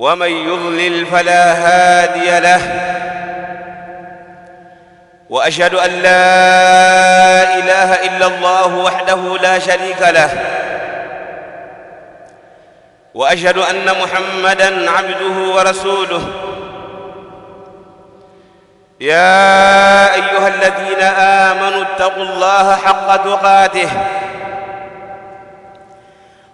ومن يضلل فلا هادي له واشهد ان لا اله الا الله وحده لا شريك له واشهد ان محمدا عبده ورسوله يا ايها الذين امنوا اتقوا الله حق تقاته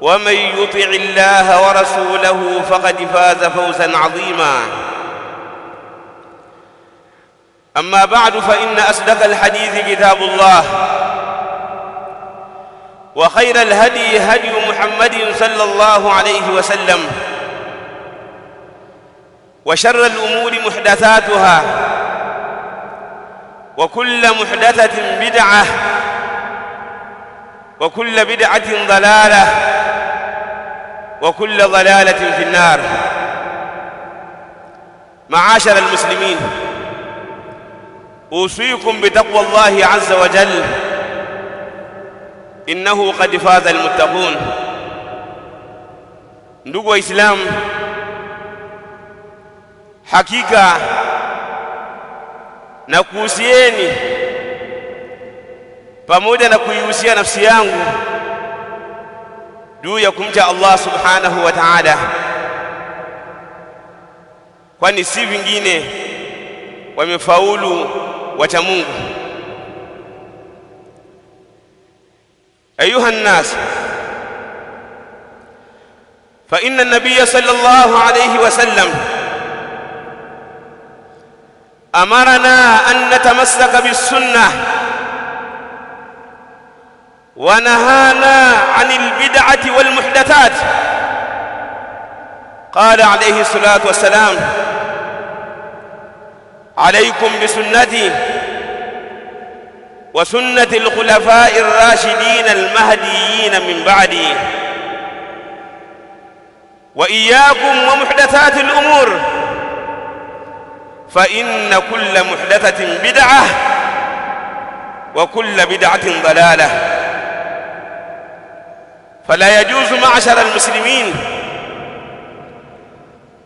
ومن يطع الله ورسوله فقد فاز فوزا عظيما أما بعد فإن أصدق الحديث كتاب الله وخير الهدي هدي محمد صلى الله عليه وسلم وشر الأمور محدثاتها وكل محدثة بدعة وكل بدعة ضلالة وكل ضلالة في النار معاشر المسلمين أوصيكم بتقوى الله عز وجل إنه قد فاز المتقون ndugu waislamu hakika na kuhusieni pamoja na kuihusia nafsi yangu juu ya kumcha Allah subhanahu wa ta'ala, kwani si vingine wamefaulu wacha Mungu. Ayuha nnas fa inna nabiyya sallallahu alayhi wa sallam amarna an natamassaka bis sunnah ونهانا عن البدعة والمحدثات قال عليه الصلاة والسلام عليكم بسنتي وسنة الخلفاء الراشدين المهديين من بعدي وإياكم ومحدثات الأمور فإن كل محدثة بدعة وكل بدعة ضلالة فلا يجوز معشر المسلمين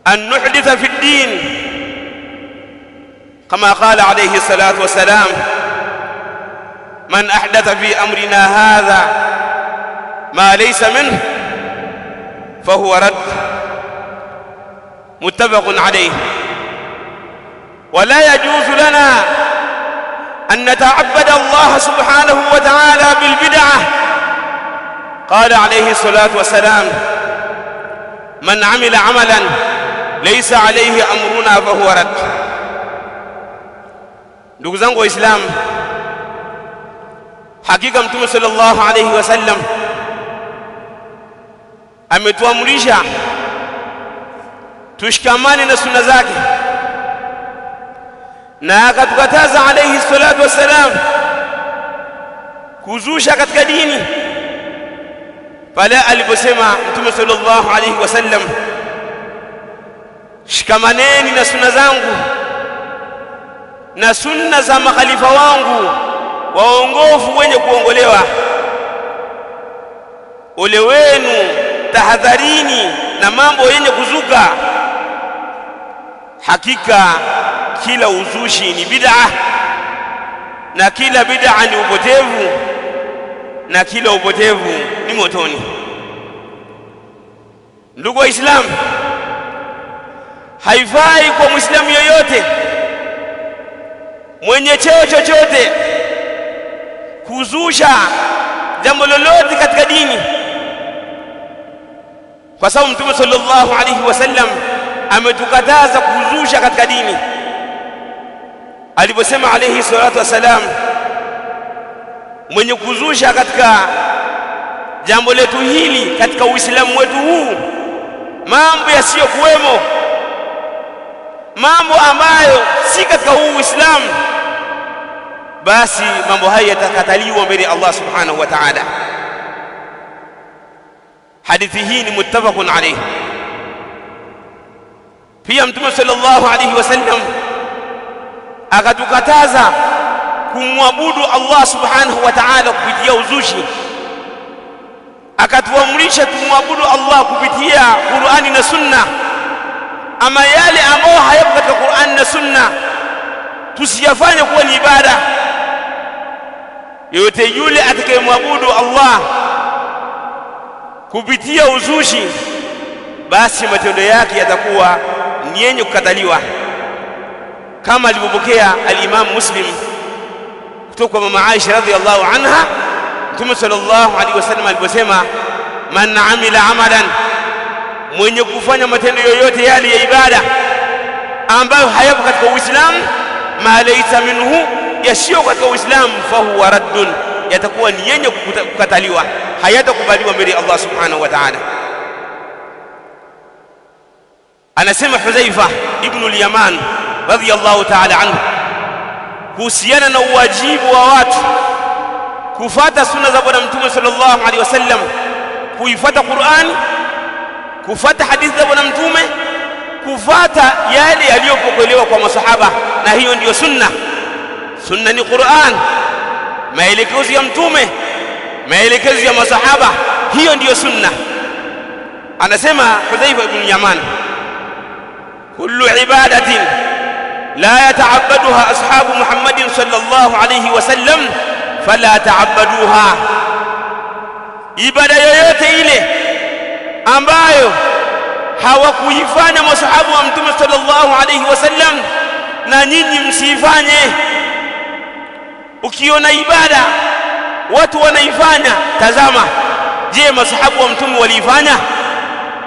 أن نحدث في الدين كما قال عليه الصلاة والسلام من أحدث في أمرنا هذا ما ليس منه فهو رد متفق عليه ولا يجوز لنا أن نتعبد الله سبحانه وتعالى بالبدع قال عليه الصلاة والسلام من عمل عملا ليس عليه أمرنا فهو رد دوغزان قو إسلام حقيقة متوم صلى الله عليه وسلم أمتوى مريشا تشكماني نسونا ذاكي ناكا تكتاز عليه الصلاة والسلام كوزوشا كتك ديني pale aliposema Mtume sallallahu alayhi wasallam, shikamaneni na sunna zangu na sunna za makhalifa wangu waongofu wenye kuongolewa, ole wenu, tahadharini na mambo yenye kuzuka. Hakika kila uzushi ni bid'a na kila bid'a ni upotevu na kila upotevu ni motoni. Ndugu Waislamu, haifai kwa mwislamu yoyote mwenye cheo chochote kuzusha jambo lolote katika dini, kwa sababu Mtume sallallahu alaihi wasallam ametukataza kuzusha katika dini alivyosema alaihi salatu wassalam mwenye kuzusha katika jambo letu hili, katika Uislamu wetu huu, mambo yasiyokuwemo, mambo ambayo si katika huu Uislamu, basi mambo haya yatakataliwa mbele Allah subhanahu wa ta'ala. Hadithi hii ni muttafaqun alayhi. Pia Mtume sallallahu alayhi wasallam akatukataza kumwabudu Allah subhanahu wa ta'ala kupitia uzushi, akatuamrisha tumwabudu Allah kupitia Qur'ani na Sunna. Ama yale ambayo hayapo katika Qur'ani na Sunna tusiyafanye kuwa ni ibada. Yoyote yule atakayemwabudu Allah kupitia uzushi, basi matendo yake yatakuwa ni yenye kukataliwa, kama alivyopokea alimamu Muslim توكم مع عائشة رضي الله عنها ثم صلى الله عليه وسلم البسيمة من عمل عملا من يكفن متن يوت يالي عبادة أم بعد حيبك الإسلام ما ليس منه يشيوك الإسلام فهو رد يتكون ينجو كتاليوا حياتك بالي ومري الله سبحانه وتعالى أنا سمع حزيفة ابن اليمان رضي الله تعالى عنه kuhusiana na uwajibu wa watu kufata sunna za Bwana Mtume sallallahu alaihi wasallam, kuifata Qur'ani, kufata hadithi za Bwana Mtume, kufata yale yaliyopokelewa kwa masahaba. Na hiyo ndiyo sunna. Sunna ni Qur'an, maelekezo ya Mtume, maelekezo ya masahaba. Hiyo ndiyo sunna. Anasema Hudhaifa ibn Yaman, kullu ibadatin la yataabaduha ashabu Muhammadin sallallahu alayhi wasallam fala taabaduha, ibada yoyote ile ambayo hawakuifanya masahaba مصحاب mtume sallallahu alayhi wasallam, na nyinyi msiifanye. Ukiona ibada watu wanaifanya, tazama, je, masahaba wa mtume waliifanya?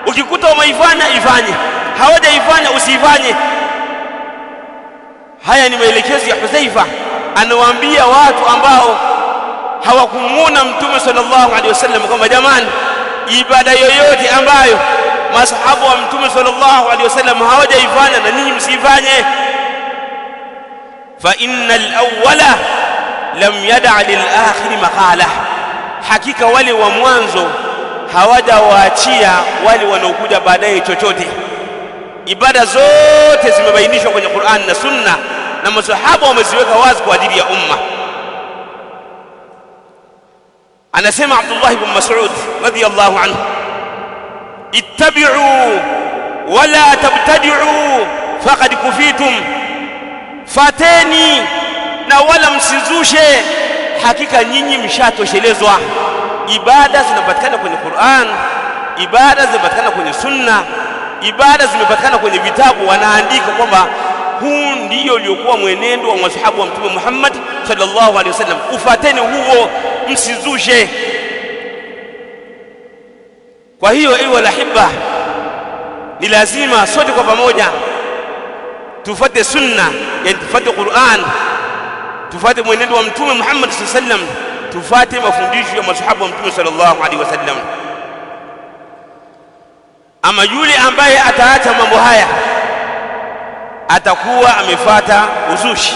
Ukikuta wameifanya ifanye, hawajaifanya usiifanye. Haya ni maelekezo ya Hudhaifa, anawaambia watu ambao hawakumuona Mtume sallallahu alaihi wasallam kwamba jamani, ibada yoyote ambayo masahabu wa Mtume sallallahu alaihi wasallam hawajaifanya na ninyi msiifanye. Fa innal awwala lam yada lilakhiri akhiri maqala, hakika wale wa mwanzo hawajawaachia wale wanaokuja baadaye chochote. Ibada zote zimebainishwa kwenye Qur'an na Sunna na masahaba wameziweka wazi kwa ajili ya umma. Anasema Abdullah ibn Mas'ud radiyallahu anhu, ittabi'u wala tabtadi'u faqad kufitum, fateni na wala msizushe, hakika nyinyi mshatoshelezwa. Ibada zinapatikana kwenye Qur'an, ibada zinapatikana kwenye Sunna, ibada zimepatikana kwenye vitabu. Wanaandika kwamba huu ndio uliokuwa mwenendo wa masahabu wa Mtume Muhammad sallallahu alaihi wasallam. Ufateni huo, msizushe. Kwa hiyo, ewe walahiba, ni lazima sote kwa pamoja tufate sunna, yani tufate Qur'an, tufate mwenendo wa Mtume Muhammad sallallahu alaihi wasallam, tufate mafundisho ya masahabu wa Mtume sallallahu alaihi wasallam. Ama yule ambaye ataacha mambo haya atakuwa amefata uzushi,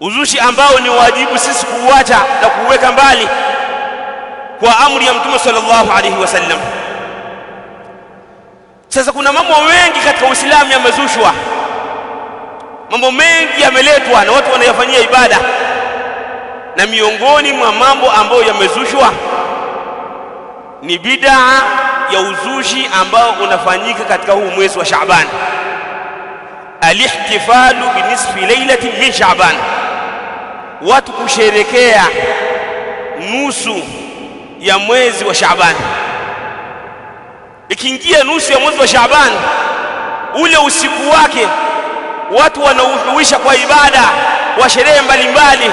uzushi ambao ni wajibu sisi kuuacha na kuuweka mbali kwa amri ya Mtume sallallahu alaihi wasallam. Sasa kuna mambo mengi katika Uislamu yamezushwa, mambo mengi yameletwa na watu wanayofanyia ibada, na miongoni mwa mambo ambayo yamezushwa ni bid'a ya uzushi ambao unafanyika katika huu mwezi wa Shaaban, alihtifalu binisfi lailati min Shaaban, watu kusherekea nusu ya mwezi wa Shaaban. Ikiingia nusu ya mwezi wa Shaaban, ule usiku wake watu wanauhuisha kwa ibada, wa sherehe mbalimbali,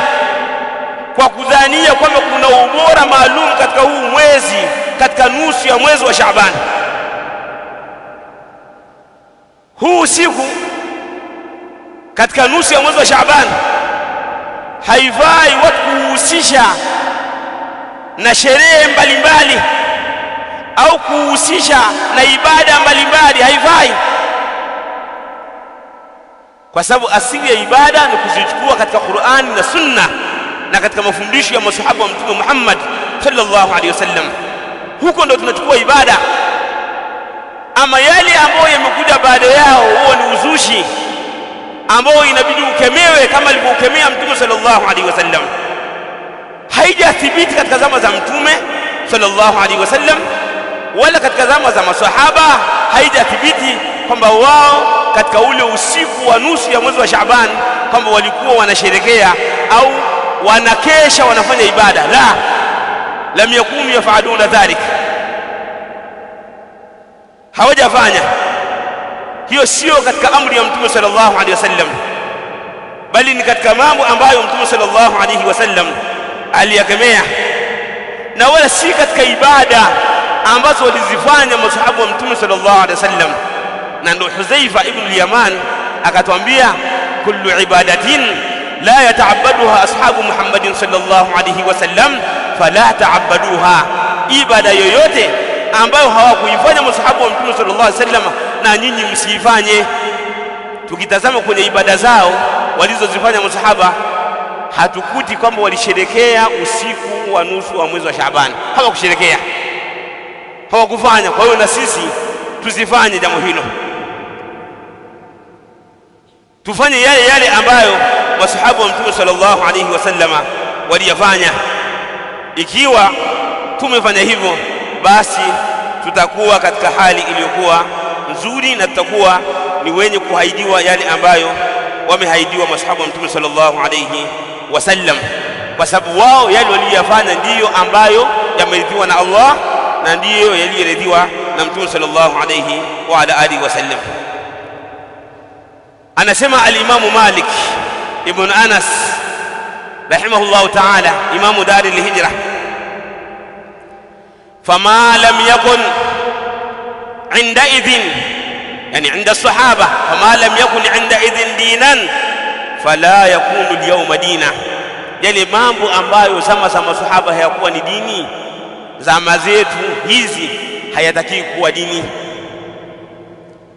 kwa kudhania kwamba kuna ubora maalum katika huu mwezi katika nusu ya mwezi wa Shaabani. Huu siku katika nusu ya mwezi wa Shaabani haifai watu kuhusisha na sherehe mbalimbali au kuhusisha na ibada mbalimbali, haifai kwa sababu asili ya ibada ni kuzichukua katika Qur'ani na Sunna na katika mafundisho ya masahaba wa Mtume Muhammad sallallahu alaihi wasallam huko ndo tunachukua ibada. Ama yale ambayo yamekuja baada yao, huo ni uzushi ambao inabidi ukemewe, kama alivyoukemea Mtume sallallahu alaihi wasallam. Haijathibiti katika zama za Mtume sallallahu alaihi wasallam wala katika zama za masahaba, haijathibiti kwamba wao katika ule usiku wa nusu ya mwezi wa Shaaban kwamba walikuwa wanasherekea au wanakesha wanafanya ibada la لم يكونوا يفعلون ذلك hawajafanya hiyo sio katika amri ya mtume sallallahu alaihi wasallam bali ni katika mambo ambayo mtume sallallahu alaihi wasallam aliyakemea na wala si katika ibada ambazo walizifanya masahabu wa mtume sallallahu alaihi wasallam na ndio Huzaifa ibn al-Yaman akatwambia kullu ibadatin la yata'abbaduha ashabu Muhammadin sallallahu alaihi wasallam fala taabaduha, ibada yoyote ambayo hawakuifanya masahaba wa mtume sallallahu alaihi wasallam, na nyinyi msiifanye. Tukitazama kwenye ibada zao walizozifanya masahaba, hatukuti kwamba walisherekea usiku wa nusu wa mwezi wa Shaabani. Hawakusherekea, hawakufanya. Kwa hiyo na sisi tuzifanye jambo hilo, tufanye yale yale ambayo masahaba wa mtume sallallahu alaihi wasallam waliyafanya. Ikiwa tumefanya hivyo, basi tutakuwa katika hali iliyokuwa nzuri na tutakuwa ni wenye kuhaidiwa yale ambayo wamehaidiwa masahaba wa Mtume sallallahu alayhi wasallam, kwa sababu wao yale waliyoyafanya ndiyo ambayo yameridhiwa na Allah na ndiyo yaliyoridhiwa na Mtume sallallahu alayhi wa ala alihi wasallam. Anasema Alimamu Malik ibn Anas rahimahullahu taala, imamu dari lhijra, fama lam yakun inda idhin, yani inda sahaba, fama lam yakun inda idhin dinan fala yakunu lyauma dina, yale mambo ambayo zama za masahaba hayakuwa ni dini, zama zetu hizi hayatakii kuwa dini.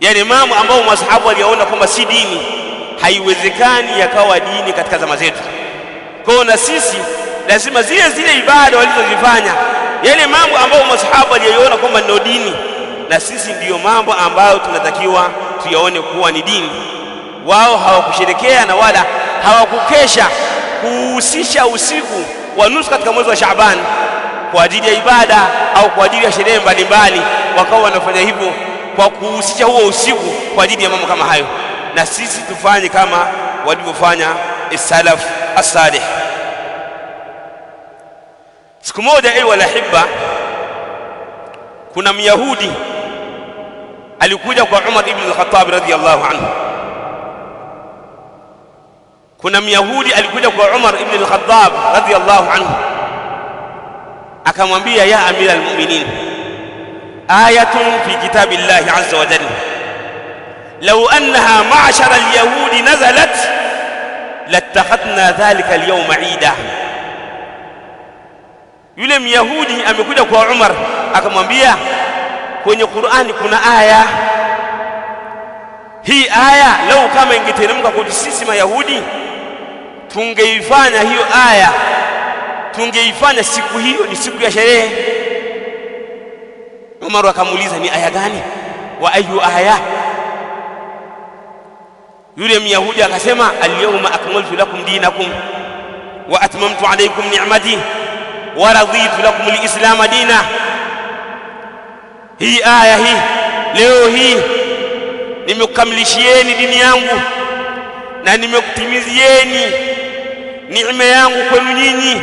yani mambo ambayo masahaba waliyaona kwamba si dini, haiwezekani yakawa dini katika zama zetu kwao na sisi lazima zile zile ibada walizozifanya, yale mambo ambayo masahaba waliyoona kwamba ndio dini, na sisi ndiyo mambo ambayo tunatakiwa tuyaone kuwa ni dini. Wao hawakusherekea na wala hawakukesha kuhusisha usiku wa nusu katika mwezi wa Shaaban kwa ajili ya ibada au kwa ajili ya sherehe mbalimbali, wakawa wanafanya hivyo kwa kuhusisha huo usiku kwa ajili ya mambo kama hayo, na sisi tufanye kama walivyofanya salafu. as-salih siku moja ewe walahibba kuna myahudi alikuja kwa Umar ibn al-Khattab radhiyallahu anhu kuna myahudi alikuja kwa Umar ibn al-Khattab radhiyallahu anhu akamwambia ya amira al-mu'minin ayatun fi kitabillahi azza wa jalla law annaha ma'shara al-yahudi nazalat latakhadna dhalika alyawma ida. Yule Myahudi amekuja kwa Umar akamwambia, kwenye Qur'ani kuna aya hii, aya lau kama ingeteremka kwetu sisi Mayahudi tungeifanya hiyo aya, tungeifanya siku hiyo ni siku ya sherehe. Umar akamuuliza, ni aya gani? wa ayu aya yule Myahudi akasema alyawma akmaltu lakum dinakum wa atmamtu alaykum ni'mati wa raditu lakum alislam dina. Hii aya hii leo hii nimekukamilishieni dini yangu na nimekutimizieni neema yangu kwenu nyinyi.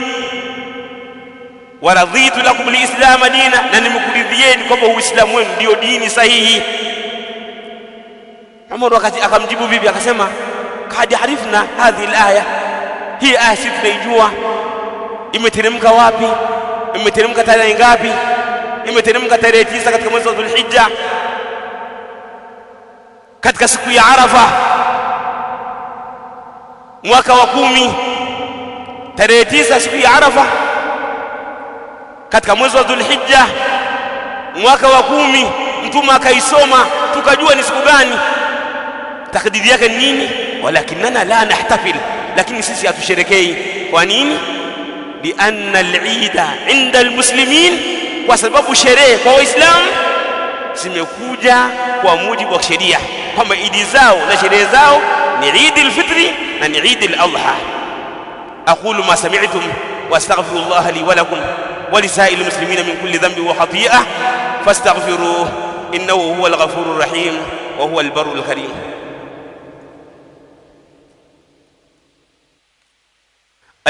Wa raditu lakum alislam dina, na nimekuridhieni kwamba Uislamu wenu ndio dini sahihi. Umar wakati akamjibu bibi akasema, kad harifna hadhihi alaya, hii aya si tunaijua, imeteremka wapi? Imeteremka tarehe ngapi? Imeteremka tarehe tisa katika mwezi wa Dhulhijja, katika siku ya Arafa, mwaka wa kumi, tarehe tisa siku ya Arafa katika mwezi wa Dhulhijja mwaka wa kumi. Mtume akaisoma tukajua ni siku gani. takdidi yake ni nini? walakinana la nahtafil, lakini sisi hatusherekei. Kwa nini? lianna alida inda almuslimin, kwa sababu sherehe kwa Waislamu zimekuja kwa mujibu wa sheria, kwamba idi zao na sherehe zao ni idi alfitri na ni idi aladha. aqulu ma sami'tum wastaghfirullaha li wa lakum wa lisaa'il muslimina min kulli dhanbin wa khati'ah fastaghfiruhu innahu huwal ghafurur rahim wa huwal barrul karim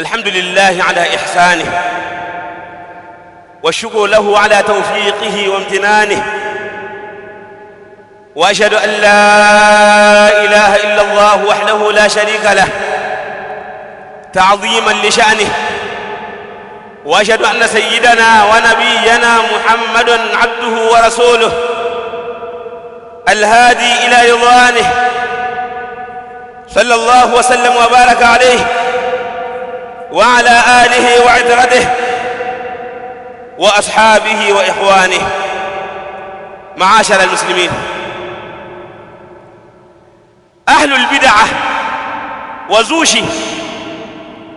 الحمد لله على إحسانه والشكر له على توفيقه وامتنانه وأشهد أن لا إله إلا الله وحده لا شريك له تعظيما لشأنه وأشهد أن سيدنا ونبينا محمد عبده ورسوله الهادي إلى رضوانه صلى الله وسلم وبارك عليه وعلى آله وعترته وأصحابه وإخوانه معاشر المسلمين أهل البدعة wazushi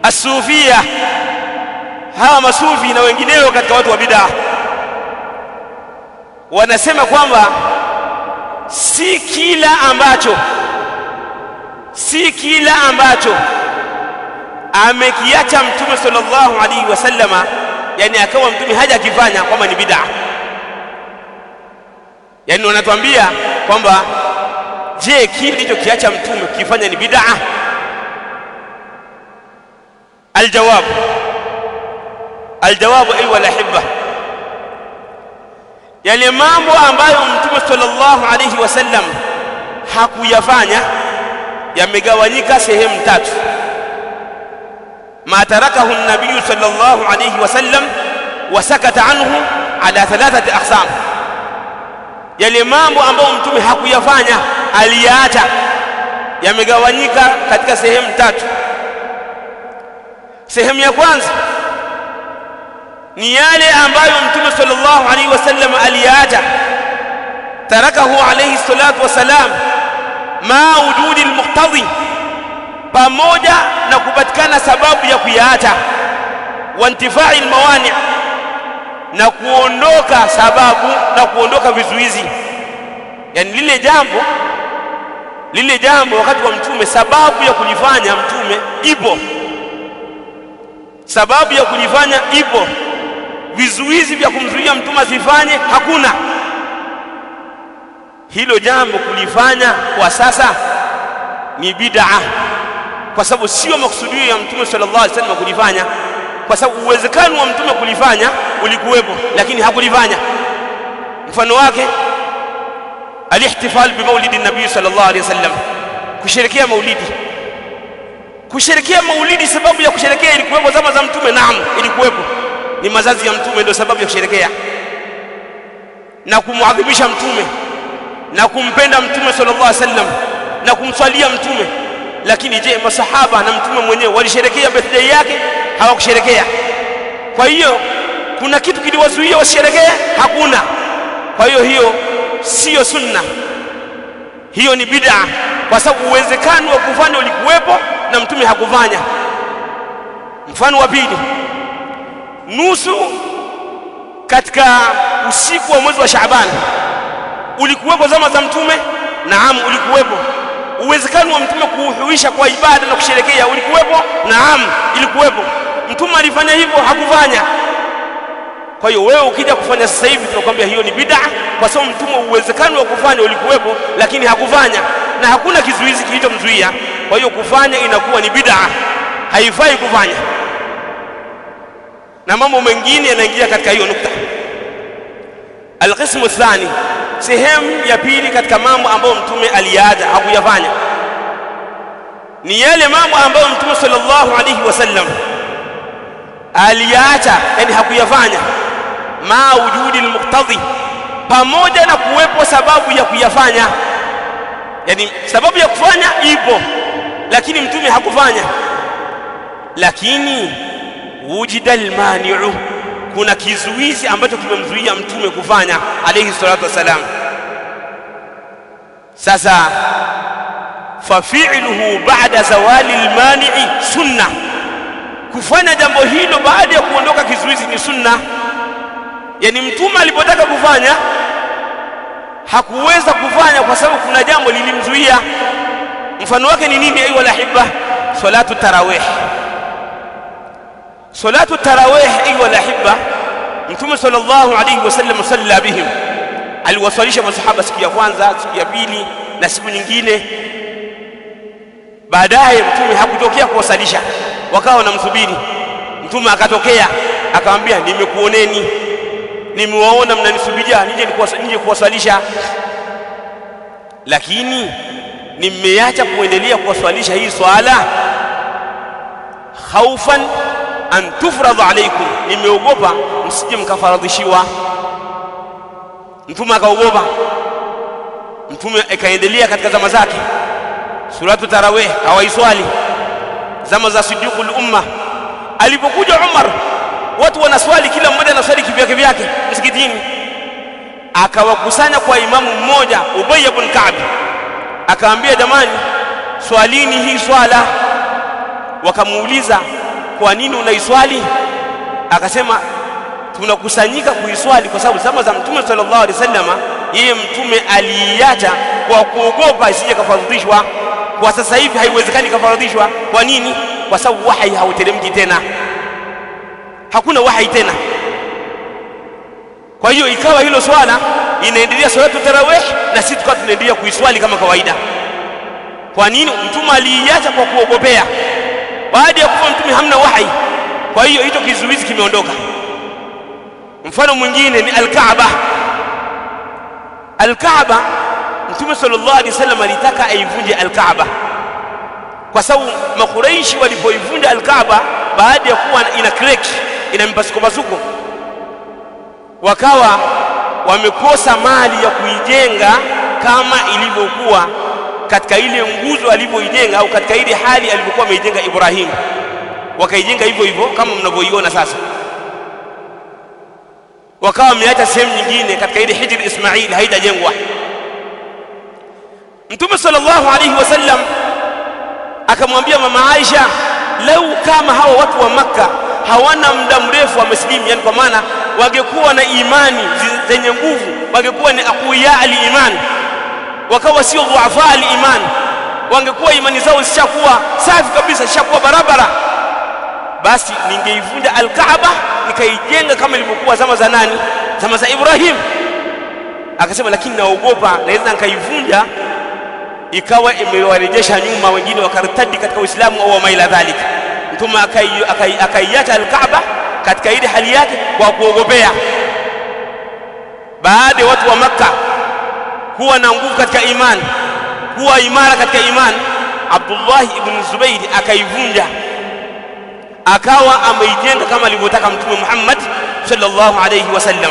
asufia hawa masufi na wengineo katika watu wa bidaa wanasema kwamba si kila ambacho si kila ambacho amekiacha Mtume sallallahu alaihi wasallama, yani akawa mtume haja akifanya kwamba ni bid'a. Yani wanatuambia kwamba je, kile kilichokiacha mtume kukifanya ni bid'a? aljawab aljawabu ayuha alahibba, yale mambo ambayo Mtume sallallahu alaihi wasallam hakuyafanya yamegawanyika sehemu tatu. ما تركه النبي صلى الله عليه وسلم وسكت عنه على ثلاثة أقسام يلي مامو أمبو أمتمي حقو يفانيا الياتا يمغوانيكا كتك سهم تات سهم يقوانز نيالي أمبو أمتمي صلى الله عليه وسلم الياتا تركه عليه الصلاة والسلام ما وجود المقتضي pamoja na kupatikana sababu ya kuyaacha, wa intifai almawani, na kuondoka sababu na kuondoka vizuizi. Yani lile jambo lile jambo wakati wa mtume, sababu ya kulifanya mtume ipo, sababu ya kulifanya ipo, vizuizi vya kumzuia mtume asifanye hakuna. Hilo jambo kulifanya kwa sasa ni bid'a kwa sababu sio makusudio ya mtume sallallahu alaihi wasallam kulifanya, kwa sababu uwezekano wa mtume kulifanya ulikuwepo, lakini hakulifanya. Mfano wake alihtifal bi maulidi nabii sallallahu alaihi wasallam, kusherekea maulidi. Kusherekea maulidi, sababu ya kusherekea ilikuwepo zama za mtume? Naam, ilikuwepo, ni mazazi ya mtume ndio sababu ya kusherekea na kumwadhimisha mtume na kumpenda mtume sallallahu alaihi wasallam na kumswalia mtume lakini je, masahaba na mtume mwenyewe walisherekea birthday yake? Hawakusherekea. Kwa hiyo kuna kitu kiliwazuia washerekee? Hakuna. Kwa hiyo hiyo siyo sunna, hiyo ni bid'a, kwa sababu uwezekano wa kufanya ulikuwepo na mtume hakufanya. Mfano wa pili, nusu katika usiku wa mwezi wa Shaaban ulikuwepo zama za mtume? Naam, ulikuwepo uwezekano wa mtume kuuhuisha kwa ibada na kusherekea ulikuwepo? Naam, ilikuwepo. Mtume alifanya hivyo? Hakufanya. Kwa hiyo wewe ukija kufanya sasa hivi tunakwambia hiyo ni bid'a, kwa sababu mtume uwezekano wa kufanya ulikuwepo, lakini hakufanya na hakuna kizuizi kilichomzuia. Kwa hiyo kufanya inakuwa ni bid'a, haifai kufanya, na mambo mengine yanaingia katika hiyo nukta. Alqismu thani Sehemu ya pili katika mambo ambayo mtume aliyaacha hakuyafanya ni yale mambo ambayo mtume sallallahu alayhi wasallam aliyaacha, yani hakuyafanya ma wujudi almuqtadi pamoja na kuwepo sababu ya kuyafanya. Yani sababu ya kufanya ipo, lakini mtume hakufanya. Lakini wujida almani'u kuna kizuizi ambacho kimemzuia mtume kufanya alayhi salatu wassalam. Sasa fa fi'luhu ba'da zawali lmanii sunna, kufanya jambo hilo baada ya kuondoka kizuizi ni sunna. Yani mtume alipotaka kufanya hakuweza kufanya kwa sababu kuna jambo lilimzuia. Mfano wake ni nini? Ayu walahibba salatu tarawih Salatu tarawih, ayuha alahibba, Mtume sallallahu alayhi wasallam salla bihim, aliwaswalisha masahaba siku ya kwanza, siku ya pili na siku nyingine. Baadaye Mtume hakutokea kuwasalisha, wakawa wanamsubiri Mtume. Akatokea akamwambia, nimekuoneni, nimewaona mnanisubiria nije kuwaswalisha, lakini nimeacha kuendelea kuwaswalisha hii swala khaufan an tufradhu alaikum, nimeogopa msije mkafaradhishiwa. Mtume akaogopa. Mtume akaendelea katika zama zake, suratu tarawih hawaiswali, zama za sidiqul umma. Alipokuja Umar, watu wanaswali, kila mmoja anaswali kivyake vyake msikitini, akawakusanya kwa imamu mmoja, Ubay ibn Ka'b, akaambia jamani, swalini hii swala. Wakamuuliza kwa nini unaiswali? Akasema tunakusanyika kuiswali kwa sababu zama za Mtume sallallahu alaihi wasallam, yeye Mtume aliiacha kwa kuogopa isije kafaradhishwa. Kwa sasa hivi haiwezekani kafaradhishwa. Kwa nini? Kwa sababu wahai hauteremki tena, hakuna wahai tena. Kwa hiyo ikawa hilo swala inaendelea salatu tarawih, na sisi tukawa tunaendelea kuiswali kama kawaida. Kwa nini? Mtume aliiacha kwa kuogopea baada ya kufa mtume hamna wahi kwa hiyo hicho kizuizi kimeondoka. Mfano mwingine ni Alkaaba. Alkaaba, mtume sallallahu alaihi wasallam alitaka aivunje Alkaaba kwa sababu Makuraishi walipoivunja Alkaaba baada ya kuwa ina kreki ina mipasukopasuko, wakawa wamekosa mali ya kuijenga kama ilivyokuwa katika ile nguzo alivyoijenga au katika ile hali alivyokuwa ameijenga Ibrahimu, wakaijenga hivyo hivyo kama mnavyoiona sasa. Wakawa wameacha sehemu nyingine katika ile Hijri Ismail haijajengwa. Mtume sallallahu alayhi wasallam akamwambia mama Aisha, lau kama hawa watu wa Makka hawana muda mrefu wamesilimu, yani kwa maana wangekuwa na imani zenye nguvu, wangekuwa ni aqwiya al-iman wakawa sio dhuafa aliman, wangekuwa imani zao zishakuwa safi kabisa, zishakuwa barabara, basi ningeivunja Alkaaba nikaijenga kama ilivyokuwa zama za nani? Zama za Ibrahim. Akasema lakini naogopa naweza nikaivunja ikawa imewarejesha nyuma, wengine wakartadi katika Uislamu au wama ila dhalika. Mtume akaiacha Alkaaba katika ile hali yake kwa kuogopea. Baada ya watu wa Makka kuwa na nguvu katika imani, kuwa imara katika imani. Abdullahi ibn Zubairi akaivunja akawa ameijenga kama alivyotaka Mtume Muhammad sallallahu alayhi wasallam.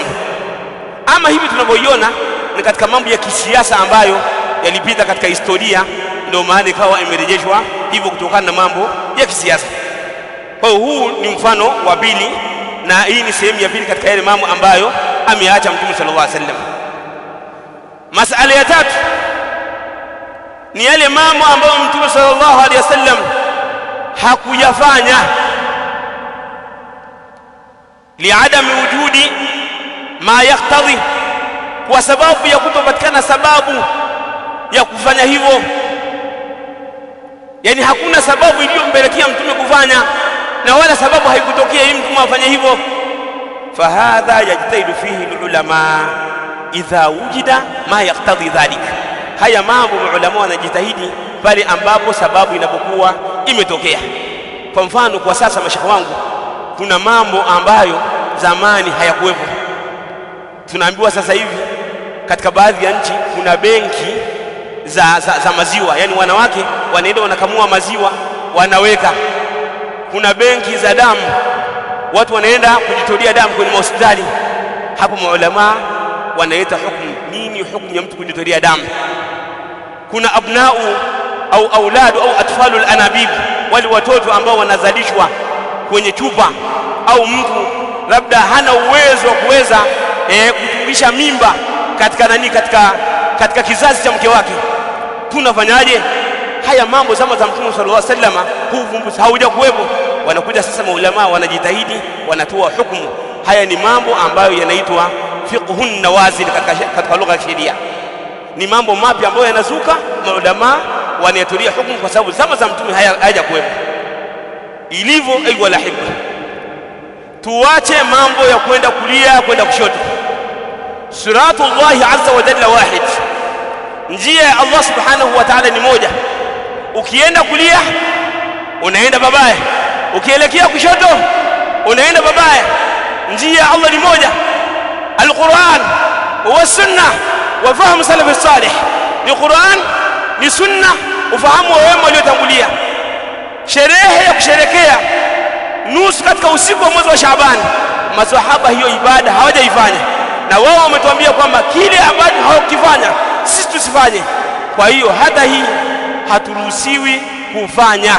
Ama hivi tunavyoiona ni katika mambo ya kisiasa ambayo yalipita katika historia, ndio maana ikawa imerejeshwa hivyo kutokana na mambo ya kisiasa. Kwa hiyo huu ni mfano wa pili, na hii ni sehemu ya pili katika yale mambo ambayo ameacha Mtume sallallahu alayhi wasallam. Masala ya tatu ni yale mambo ambayo Mtume sallallahu alaihi wasallam hakuyafanya liadami wujudi ma yaktadhi, kwa sababu ya kutopatikana sababu ya kufanya hivyo. Yani hakuna sababu iliyompelekea mtume kufanya na wala sababu haikutokea ili mtume afanye hivyo fahadha yajtahidu fihi lulama idha wujida ma yaktadhi dhalika. Haya mambo maulamaa wanajitahidi pale ambapo sababu inapokuwa imetokea. Kwa mfano, kwa sasa mashaka wangu, kuna mambo ambayo zamani hayakuwepo. Tunaambiwa sasa hivi katika baadhi ya nchi kuna benki za, za, za maziwa, yaani wanawake wanaenda wanakamua maziwa wanaweka. Kuna benki za damu watu wanaenda kujitolea damu kwenye mahospitali. Hapo maulamaa wanaleta hukumu. Nini hukumu ya mtu kujitolea damu? Kuna abnau au auladu au atfalu lanabib, wale watoto ambao wanazalishwa kwenye chupa, au mtu labda hana uwezo wa kuweza e, eh, kutungisha mimba katika nani, katika, katika kizazi cha mke wake. Tunafanyaje haya mambo? Zama za Mtume sallallahu alaihi wasallam huu haujakuwepo hauja kuwepo wanakuja sasa maulamaa wanajitahidi, wanatoa hukumu. Haya ni mambo ambayo yanaitwa fiqhun nawazil katika lugha ya sheria, ni mambo mapya ambayo yanazuka, maulamaa wanayatulia hukumu, kwa sababu zama za mtume hayaja kuwepo ilivyo. wala hibu tuwache mambo ya kwenda kulia kwenda kushoto. Siratu llahi azza wa jalla wahid, njia ya Allah subhanahu wa ta'ala ni moja. Ukienda kulia unaenda babaye ukielekea kushoto unaenda babaya. Njia ya Allah ni moja, Alquran wa sunna wa fahamu salafi salih. Ni Quran ni sunna, ufahamu wa wema waliotangulia. Sherehe ya kusherekea nusu katika usiku wa mwezi wa Shaabani, maswahaba hiyo ibada hawajaifanya, na wao wametuambia kwamba kile ambacho hawakifanya sisi tusifanye. Kwa hiyo hata hii haturuhusiwi kufanya.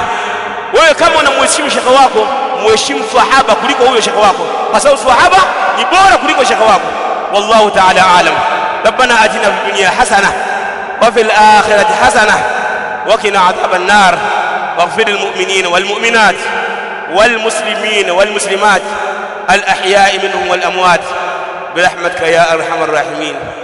wewe kama unamheshimu shekhe wako muheshimu sahaba kuliko huyo shekhe wako kwa sababu sahaba ni bora kuliko shekhe wako wallahu ta'ala alam ربنا اتنا في الدنيا حسنه وفي الاخره حسنه وقنا عذاب النار واغفر للمؤمنين والمؤمنات والمسلمين والمسلمات الأحياء منهم والأموات برحمتك يا أرحم الراحمين